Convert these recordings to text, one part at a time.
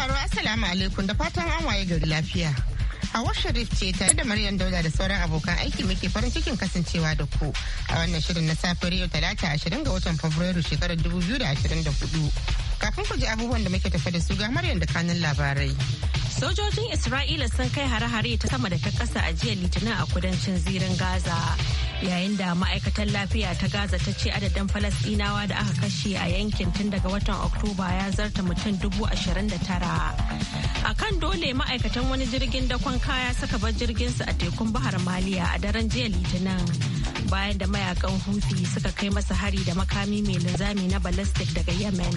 sauraro Assalamu alaikum da fatan an waye gari lafiya. Hawa rift ce tare da Maryam Dauda da sauran abokan aiki muke farin cikin kasancewa da ku a wannan shirin na safiyar yau talata ashirin ga watan Fabrairu shekarar dubu biyu da ashirin da hudu. Kafin ku ji abubuwan da muke tafe da su ga Maryam da kanin labarai. Sojojin Isra'ila sun kai hare-hare ta sama da ta ƙasa a jiya Litinin a kudancin zirin Gaza. Yayin da ma'aikatan lafiya ta Gaza ta ce adadin Falasɗinawa da aka kashe a yankin tun daga watan Oktoba ya zarta mutum dubu ashirin da tara. A kan dole ma'aikatan wani jirgin dakon kaya suka bar su a tekun Bahar Maliya a daren jiya Litinin. bayan da mayakan hufi suka kai masa hari da makami mai linzami na ballistic daga Yemen.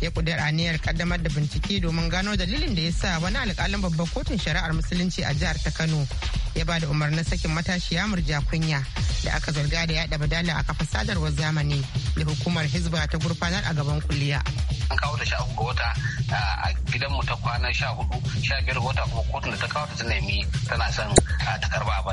ya kudura aniyar kaddamar da bincike domin gano dalilin da ya sa wani alkalin babbar kotun shari'ar musulunci a jihar ta kano ya ba da umarnin sakin matashiya murja kunya da aka zarga da yada badala a kafa sadarwar zamani da hukumar hizba ta gurfanar a gaban kuliya an kawo ta sha uku wata a gidanmu ta kwana sha hudu sha biyar wata kuma kotun da ta kawo ta tana son ta karba ba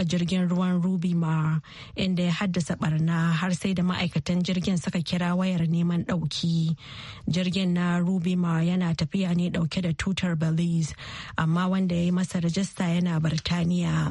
taba jirgin ruwan rubi ma inda ya haddasa barna har sai da ma'aikatan jirgin suka kira wayar neman ɗauki jirgin na rubi ma yana tafiya ne dauke da tutar belize amma wanda ya yi masa rajista yana birtaniya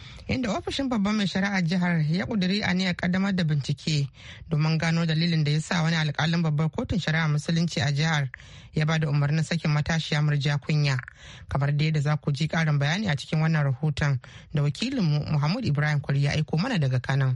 inda ofishin babban mai shari'ar jihar ya kuduri aniyar kaddamar da bincike domin gano dalilin da ya sa wani alkalin babbar kotun shari'a musulunci a jihar ya ba da umarnin sakin matashiya murja kunya kamar da yadda za ku ji karin bayani a cikin wannan rahoton da wakilinmu muhammad ibrahim kwari ya aiko mana daga kanan.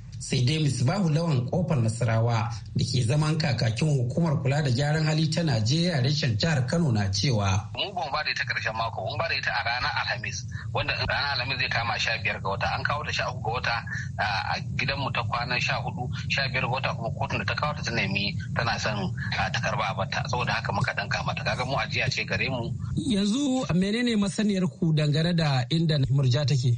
sai dai misbahu lawan kofar nasarawa da ke zaman kakakin hukumar kula da gyaran hali ta najeriya reshen jihar kano na cewa mu ba ba da ita karshen mako mun ba da ita a ranar alhamis wanda ranar alhamis zai kama sha biyar ga wata an kawo ta sha uku ga wata a gidanmu ta kwanan sha hudu sha biyar ga wata kuma kotun da ta kawo ta ta nemi tana son ta karba a bata saboda haka muka danka mata kaga mu ajiya ce gare mu yanzu menene masaniyar ku dangane da inda murja take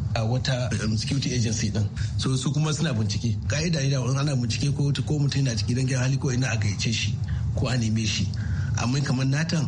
a wata um, security agency din so su kuma suna bincike ka'ida ne da wani ana bincike ko ko mutum na cikin dangin hali ko ina a gaice shi ko a neme shi amma kamar natan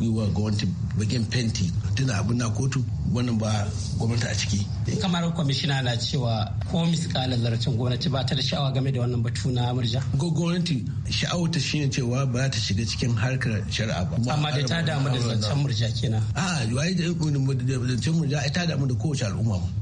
yi wa gwamnati bakin fenti tana abin na kotu wannan ba gwamnati a ciki. kamar kwamishina na cewa ko miskalar zarafin gwamnati ba ta da sha'awa game da wannan batu na murja. ko gwamnati sha'awar ta shine cewa ba ta shiga cikin harkar shari'a ba. amma da ta damu da zancen murja kenan. a yayi da zancen murja ta damu da kowace al'umma ba.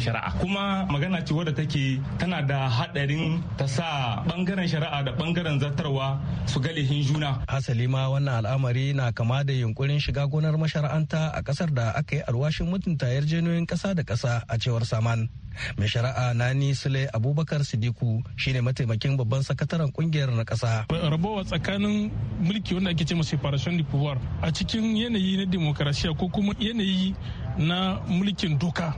shari'a kuma magana ce wadda take tana da hadarin ta sa bangaren shari'a da bangaren zartarwa su ga laifin juna hasali ma wannan al'amari na kama da yunkurin shiga gonar mashara'anta a kasar da aka yi alwashin mutunta jenoyin kasa da kasa a cewar saman mai shari'a nani sule abubakar sidiku shine mataimakin babban sakataren kungiyar na kasa rabowa tsakanin mulki wanda ake ce masa separation di a cikin yanayi na demokarasiya ko kuma yanayi na mulkin doka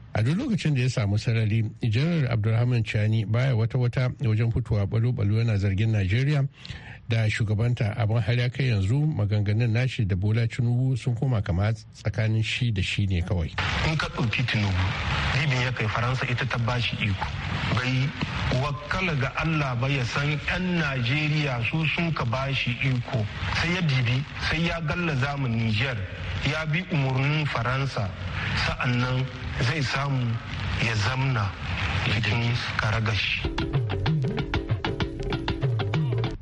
a duk lokacin da ya samu sarari janar abdulrahman chani baya wata wata wajen fitowa balo-balo yana zargin najeriya da shugabanta abin har ya kai yanzu maganganun nashi da bola tinubu sun koma kama tsakanin shi da shi ne kawai in ka ɗauki tinubu bibi ya kai faransa ita ta bashi iko bai wakala ga allah ba ya san yan najeriya su sun ka ba shi iko sai ya dibi sai ya galla zamu niger ya bi umarnin faransa sa'annan zai samu ya zamna cikin karagashi.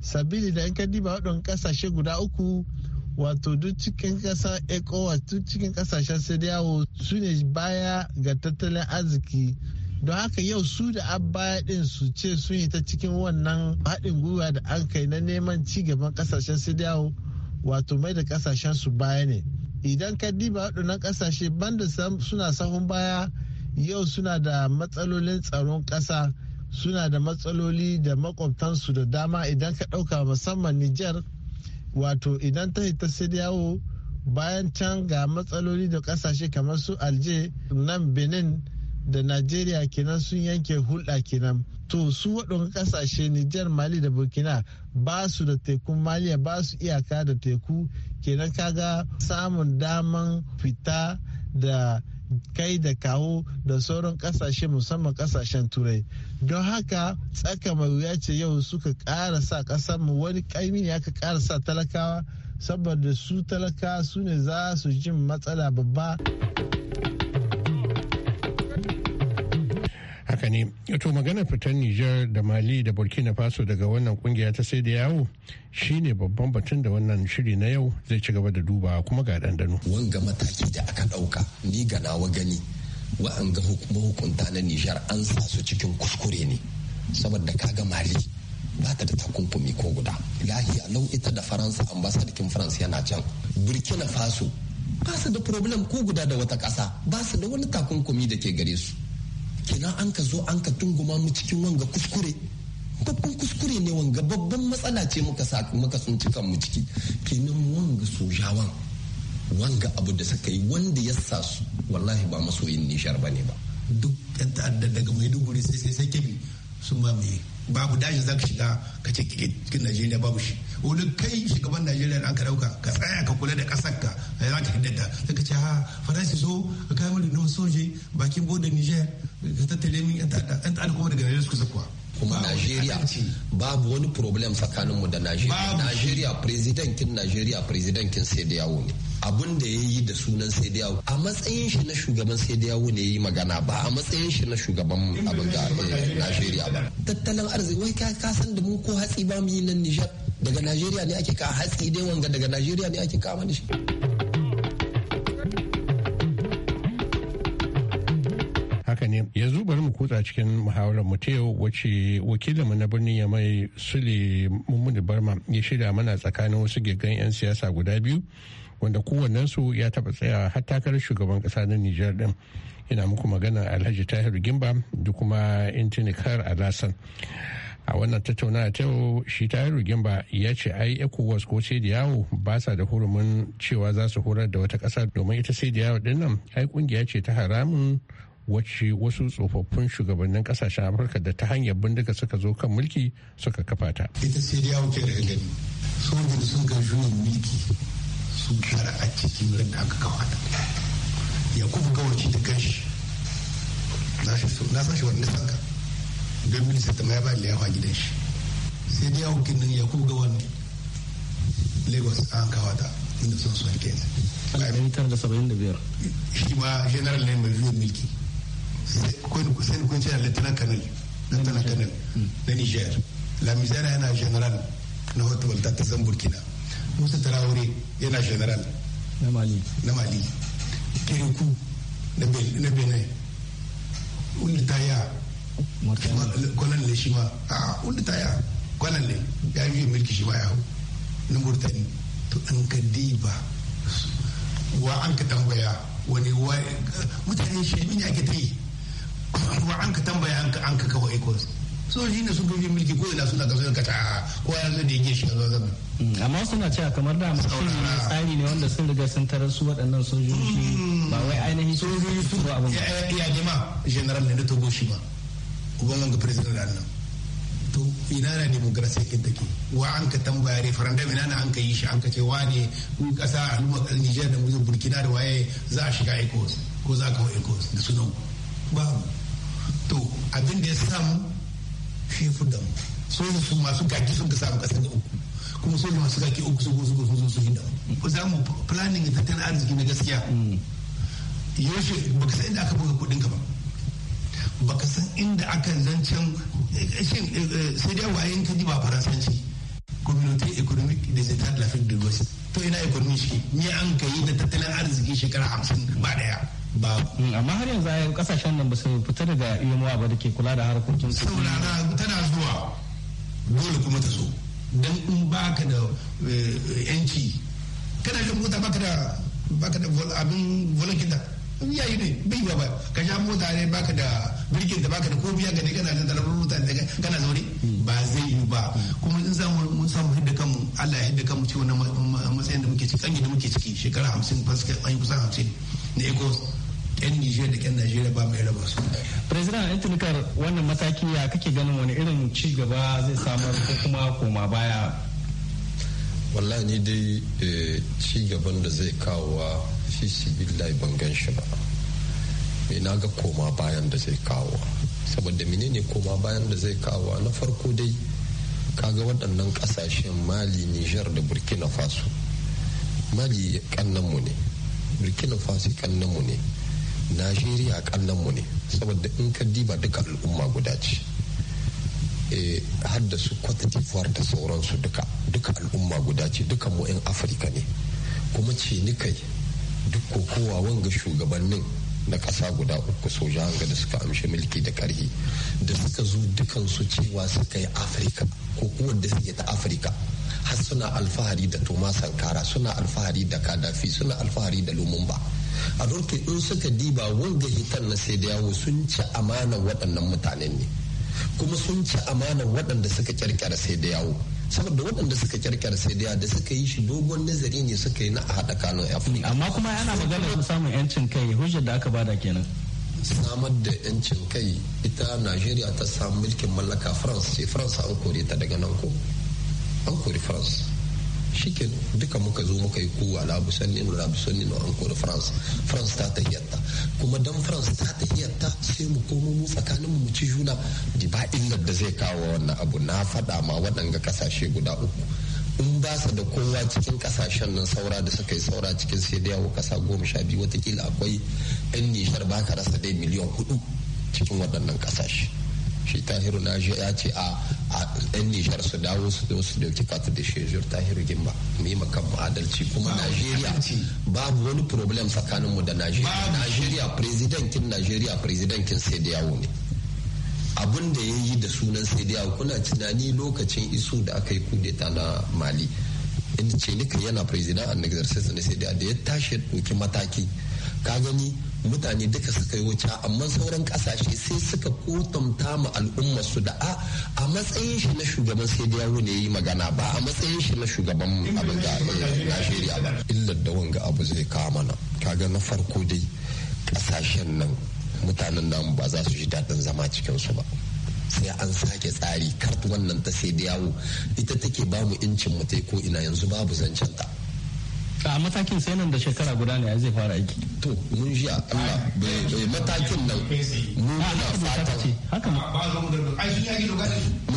sabili da 'yan ka diba waɗin ƙasashe guda uku wato duk cikin ƙasar ecowas duk cikin ƙasashen sadiyawo su ne baya ga tattalin arziki don haka yau su da abaya din su ce sun yi ta cikin wannan haɗin gwiwa da an kai na neman ci gaban ƙasashen sadiyawo wato mai da ƙasashen su baya ne idan ka diba waɗannan ƙasashe banda suna sahun baya yau suna da matsalolin tsaron ƙasa suna da matsaloli da makwabtansu da dama idan ka ɗauka musamman Nijar wato idan ta hita sai yawo bayan can ga matsaloli da kasashe kamar su Alje nan Benin da nigeria kenan sun yanke hulɗa kenan. To su waɗanda kasashe Nijar Mali da Burkina ba su da tekun Maliya ba su iyaka da teku kenan kaga samun daman fita da kai da kawo da sauran ƙasashe musamman ƙasashen turai. don haka tsaka mai wuya ce yau suka kara sa kasar mu wani ƙaimi ne aka kara sa talakawa saboda su talaka su ne za su jin matsala babba haka ne to maganar fitar Nijar da Mali da Burkina Faso daga wannan kungiya ta sai da yawo shine babban batun da wannan shiri na yau zai ci gaba da dubawa kuma ga dandano wanga mataki da aka dauka ni ga nawa gani ga hukunta na nijar an sa su cikin kuskure ne saboda kaga mali ba ta da takunkumi ko guda lahiya lau ita da faransa ambasadikin faransa yana can burkina faso ba su da problem ko guda da wata ƙasa ba su da wani takunkumi da ke gare su kina an ka zo an ka tunguma mu cikin wanga kuskure babban kuskure ne wanga babban matsala ce muka sun cikan mu ciki kenan wanga sojawan wanga abu da suka yi wanda ya sa su wallahi ba masoyin nishar ba ne ba duk yan ta'adda daga mai duguri sai sai sai kebi sun ba mai babu daji za ka shiga ka ce kikin najeriya babu shi wani kai shugaban najeriya da ka dauka ka tsaya ka kula da kasar ka za ka hiddata sai ka ce ha faransi so ka kai wani na soje bakin bude niger ka tattale min yan ta'adda kuma daga najeriya suka zakuwa kuma Najeriya babu wani problem tsakaninmu da Najeriya. Najeriya presidentin Najeriya presidentin sai da yawo ne. abin da ya yi da sunan sai dai a matsayin shi na shugaban sai dai yawo ne ya yi magana ba a matsayin shi na shugaban abin da eh, Najeriya ba tattalin arziki wai ka san da mu ko hatsi ba mu yi nan Nijar daga Najeriya ne ake ka hatsi dai wanga daga Najeriya ne ake kawo mana shi haka ne yanzu bari mu kutsa cikin muhawarar mu ta yau wacce wakilinmu na birnin ya mai sule mummuni barma ya shirya mana tsakanin wasu gigan 'yan siyasa guda biyu wanda kowannensu ya taba tsaya har takarar shugaban ƙasa na Nijar ɗin. Ina muku magana Alhaji Tahir Gimba da kuma Intinikar Alasan. a wannan tattaunawa ta yau shi Tahir gimba ya ce ai ecowas ko yawo ba sa da hurumin cewa za su horar da wata ƙasa domin ita yawo din nan ai kungiya ce ta haramun wacce wasu tsofaffin shugabannin kasashen afirka da ta hanyar bindiga suka zo kan mulki suka kafa ta ita yawo ke da ilimi sun sun ga juyin mulki su gara a cikin da aka kawata yakubu gawarci da gashi na sashi shi wanda sanka don minista ta ya ba da yawa gidan shi sai dai yawon kinnan yakubu gawan lagos an kawata inda sun ke kenan. a ɗari tara da saba'in da biyar shi ma general ne mai zuwa milki sai ni kun ce na lieutenant colonel lieutenant colonel hmm. na niger la yana general na hotel ta zan burkina musa tarawore yana general na mali na kiriku na benin wanda ta a kwanan ne shi ma a wanda ta ya kwanan ne ya yi mulki shi ma ya hau na murtani to an ka diba wa an ka tambaya wani mutane shi ne ake ta yi wa an ka tambaya an ka kawai ecos sojoji ne suka fi mulki ko ina suna kaso kata ko ya zai da yake shi a zama mm, amma suna cewa kamar da mutum ne tsari ne wanda sun riga sun tarar su waɗannan sojoji ba wai mm. ainihin sojoji su ba abin ya jama general ne na togo shi ba uban wanga president da annan. to ina na demokrasiya kin take wa an ka tambaya referendum ina na an ka yi shi an ka ce wane ku kasa al'umma kasar Nijar da mu Burkina da waye za a shiga ECOWAS ko za ka hau ECOWAS da sunan Ba to abin da ya samu shi fi da so su masu gaki sun kasa samu kasa da uku kuma soja masu gaki uku su gozu gozu su hinda ku za mu planning da tattalin arziki na gaskiya yaushe baka san inda aka buga kudin ka ba baka san inda aka zancen eh, shin eh, eh, sai dai wayen ka ji ba faransanci Community Economic des états de de l'Ouest to ina ekonomi shi ni an ka yi da tattalin arziki shekara hamsin ba daya ba mm, amma har yanzu ayyukan kasashen nan ba su fita daga yamuwa ba da ke kula da harkokin su saboda tana zuwa dole kuma ta zo dan in baka da eh, yanci kana da mota baka da baka da abin volokin da yi ne bai ba ka sha mota ne baka da birkin da baka da ko biya ga ne kana da talabar mota da kana zaune mm. ba zai yi ba kuma in samu mun samu tsangi da muke ciki shekara hamsin fasika an kusan hamsin na ecos yan nijiyar da yan najeriya ba mai raba su president yan tunikar wannan mataki ya kake ganin wani irin ci gaba zai samar ko kuma koma baya wallahi ni dai eh, ci gaban da zai kawo wa fi billahi ban gan shi ba me eh, na ga koma bayan da zai kawo saboda menene koma bayan da zai kawo na farko dai kaga waɗannan ƙasashen mali nijar da burkina faso mali kannanmu ne burkina faso kannanmu ne najeriya mu ne saboda in ka diba duka al'umma guda ce eh, har da su kwata da sauransu duka duka al'umma guda ce duka mu 'yan afirka ne kuma ce ni kai duk kokowa wanga shugabannin na ƙasa guda uku soja hanga da suka amshi mulki da karhi da suka zo dukansu cewa suka yi afirka ko kuma da suke ta afirka har suna alfahari da toma sankara suna alfahari da kadafi suna alfahari da lumumba a to in suka diba wanga hitan na sai da yawo sun ci amana waɗannan mutanen ne kuma sun ci amana waɗanda suka kirkira sai da yawo saboda waɗanda suka kirkira sai da da suka yi shi dogon nazari ne suka yi na a haɗa kanun afirka amma kuma yana magana samun yancin kai hujjar da aka bada kenan samar da yancin kai ita najeriya ta samu mulkin mallaka france ce france an kore ta daga nan ko an kori france ke duka muka zo muka yi kowa na abu sanni na abu sanni na an kori france france ta tahiyatta kuma dan france ta tahiyatta sai mu komo mu tsakanin mu ci juna di ba inda da zai kawo wannan abu na faɗa ma waɗanga kasashe guda uku in ba su da kowa cikin kasashen nan saura da suka yi saura cikin sai da yawo kasa goma sha biyu watakila akwai yan nishar baka rasa dai miliyan hudu cikin waɗannan kasashe shi tahiru na ya ce a yan nishar su dawo su zo su dauki fatu da shejur tahiru gimba mu yi makan adalci kuma najeriya babu wani problem tsakanin mu da najeriya najeriya presidentin najeriya presidentin sai ne abun da ya yi da sunan sai kuna tunani lokacin iso da aka yi kudeta na mali in ce nika yana president an exercise na sai da ya tashi mataki ka gani mutane duka suka yi wuta amma sauran kasashe sai suka kotamta ma al'ummar su da a matsayin shi na shugaban sai da yaro ne yi magana ba a matsayin shi na shugaban abin da eh, Najeriya ba illar da wanga abu zai kama na kaga na farko dai kasashen nan mutanen namu ba za su ji daɗin zama cikin su ba sai an sake tsari kar wannan ta sai da yawo ita take bamu incin mu ko ina yanzu babu zancen ta a matakin sai nan da shekara guda ne zai fara aiki to mun shi Allah bai matakin nan mu na fata haka mu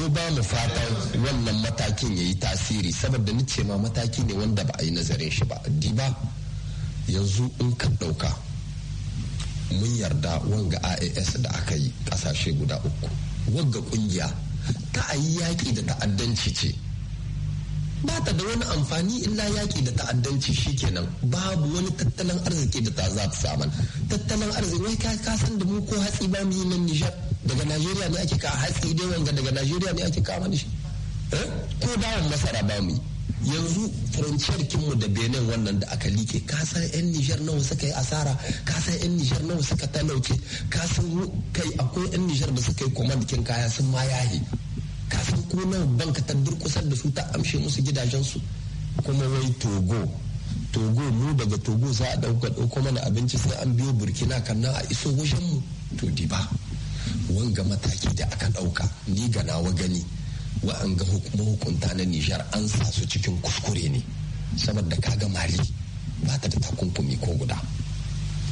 ba mu fata wannan matakin yayi tasiri saboda ni ce ma mataki ne wanda ba a yi nazarin shi ba diba yanzu in ka dauka mun yarda wanga IAS da aka yi kasashe guda uku wanga kungiya ta ayi yaki da ta'addanci ce ba ta da wani amfani illa yaƙi da ta'addanci shi kenan babu wani tattalin arziki da ta za ta samu tattalin arziki wai ka san da mu ko hatsi ba mu yi nan Nijar daga Najeriya ne ake ka hatsi dai wanga daga Najeriya ne ake kama shi eh? ko wani masara ba mu yanzu furanciyar kinmu da benin wannan da aka like kasan yan nijar nawa suka yi asara kasan yan nijar nawa suka talauke kasan kai akwai yan nijar da suka yi kin kaya sun ma yahi kasan ko nan banka ta durkusar da su ta amshe musu gidajensu kuma wai togo togo mu daga togo za a dauka ɗauko mana abinci sai an biyo burkina kanna a iso wajen mu to di ba wanga mataki da aka ɗauka ni ga nawa gani wa'anga mahukunta na nijar an sa su cikin kuskure ne saboda kaga mali ba ta da takunkumi ko guda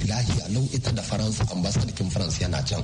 lahiya lau ita da faransa ambasadikin faransa yana can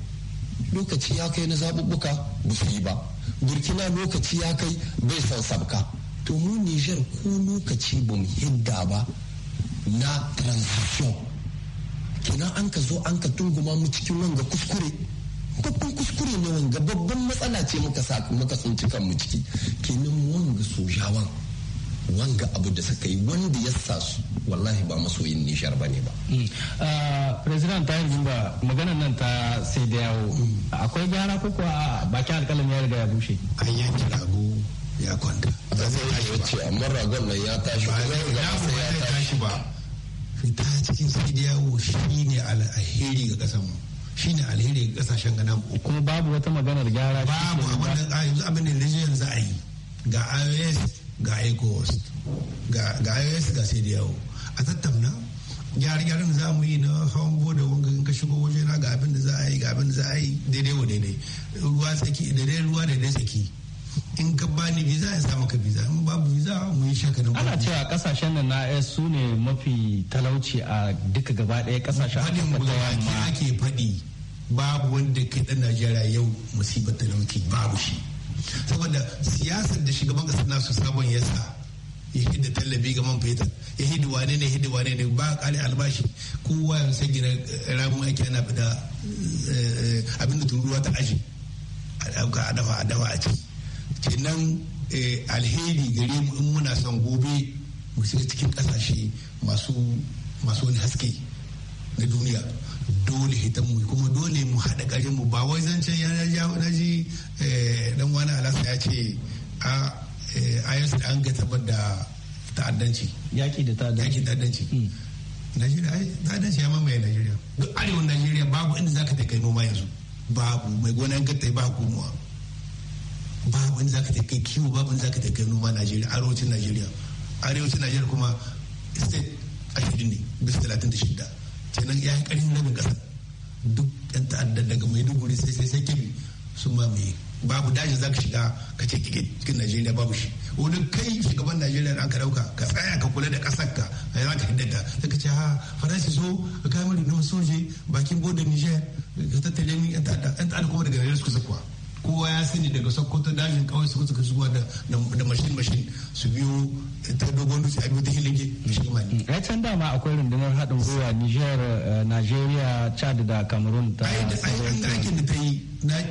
lokaci ya kai na zaɓuɓɓuka ba su yi ba burkina lokaci ya kai bai son sabka to mu nijar ko lokaci ba mu hidda ba na transition kina an ka zo an ka tunguma mu cikin wanga kuskure babban kuskure ne wanga babban matsala ce muka sa muka tsinci kanmu ciki kenan mu wanga sojawan wanga abu da suka yi wanda ya sa su wallahi ba masoyin nishar ba ne ba. Mm. Ah, president ta yi zumba maganar nan ta sai da yawo mm. akwai gyara ko a ah, bakin alkalin ya riga ya bushe. an yanke rago ya kwanta. ba zai yi ya ce amma ragon nan ya tashi ba zai ga masa ya tashi ba. fita cikin sai da yawo shi ne alheri ga kasan mu. shi ne alheri ga kasashen gana mu. kuma babu wata maganar gyara. babu abin da yanzu abin da yanzu a yi ga IOS ga ecowas ga ios ga sai yawo a tattauna gyare-gyaren da za mu yi na hawan boda wanga ka shigo waje na ga abin da za a yi ga abin da za a yi daidai wa daidai ruwa tsaki daidai ruwa daidai tsaki in ka ni visa ya sa maka visa in babu visa mu yi shaka na ana cewa kasashen da na es su ne mafi talauci a duka gaba daya kasashen hadin gudawaki ake faɗi babu wanda ke ɗan najeriya yau musibar talauci babu shi saboda siyasar da shugaban kasa na su sabon yasa ya hidda tallafi ga man fetur ya hidda wane ne hidda wane ne ba kare albashi kowa ya sai gina ramin aiki ana fita eh, abin da turuwa ta aji a dauka a dafa a dafa a ci kenan eh, alheri gare mu in muna son gobe mu shiga cikin kasashe masu wani haske na duniya dole ita mu kuma dole mu haɗa ƙarfin mu ba wai zancen ya jawo wani ji eh, dan wani alasa ya ce a ayyansu eh, da an ga tabbar da ta'addanci yaƙi da ta'addanci ta'addanci hmm. Najeriya ta'addanci ya mamaye Najeriya duk arewa Najeriya babu inda zaka ta kai noma yanzu babu mai gonan gatta ba komowa babu inda zaka ta kai kiwo babu inda zaka ta kai noma Najeriya arewacin Najeriya arewacin Najeriya kuma state ashirin ne bisa talatin da shidda kenan ya karin nan kasa duk yan ta'addar daga mai duguri sai sai sai su ma mai babu dajin za ka shiga ka ce kikin najeriya babu shi wani kai shugaban najeriya da aka dauka ka tsaya ka kula da kasar ka ya za ka hiddata ta ka ce ha faransa so ka kai da na soje bakin bodin niger ka tattalin ni yan ta'addar yan ta'adda kuma daga najeriya suka zakuwa kowa ya sani daga sokoto dajin kawai su suka zuwa da mashin mashin su biyo ta dogon dutse a biyu ta hilage da shi mm. ai can dama akwai rundunar haɗin gwiwa niger eh, nigeria chad da cameroon ta sauran aikin da ta yi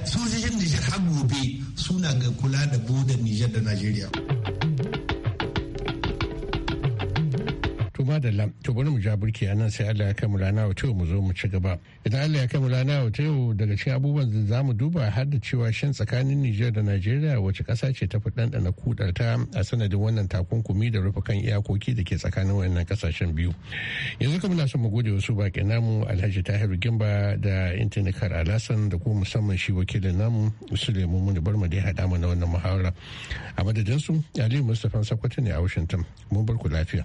sojojin niger har gobe suna ga kula da bodar niger da nigeria. To madalla, to bari mu ja burki a nan sai Allah ya kai mu rana wa mu zo mu ci gaba. Idan Allah ya kai mu rana wa yau daga cikin abubuwan da za mu duba har da cewa shan tsakanin Nijar da Najeriya wace ƙasa ce ta fi ɗanɗana kudarta a sanadin wannan takunkumi da rufe kan iyakoki da ke tsakanin wannan kasashen biyu. Yanzu kuma muna son mu gode wasu baƙi namu Alhaji Tahiru Gimba da Intinikar Alasan da kuma musamman shi wakilin namu Sulemu Muni Barma da ya hada mu wannan muhawara. A madadinsu Aliyu Mustapha Sakwati ne a Washington. Mun bar ku lafiya.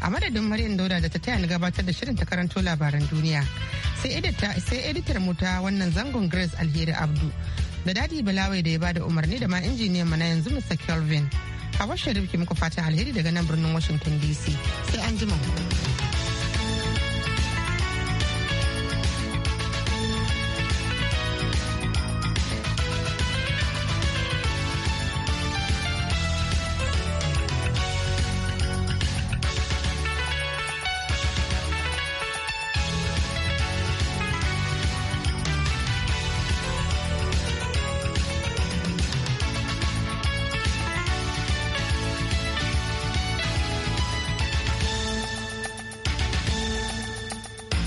a madadin maryam dauda da ta taya ni gabatar da shirin ta karanto labaran duniya sai editar mu ta wannan zangon grace alheri abdu da dadi balawai da ya bada umarni da ma injiniyan mana yanzu mr kelvin a washe rifki muku fatan alheri daga nan birnin washington dc sai an jima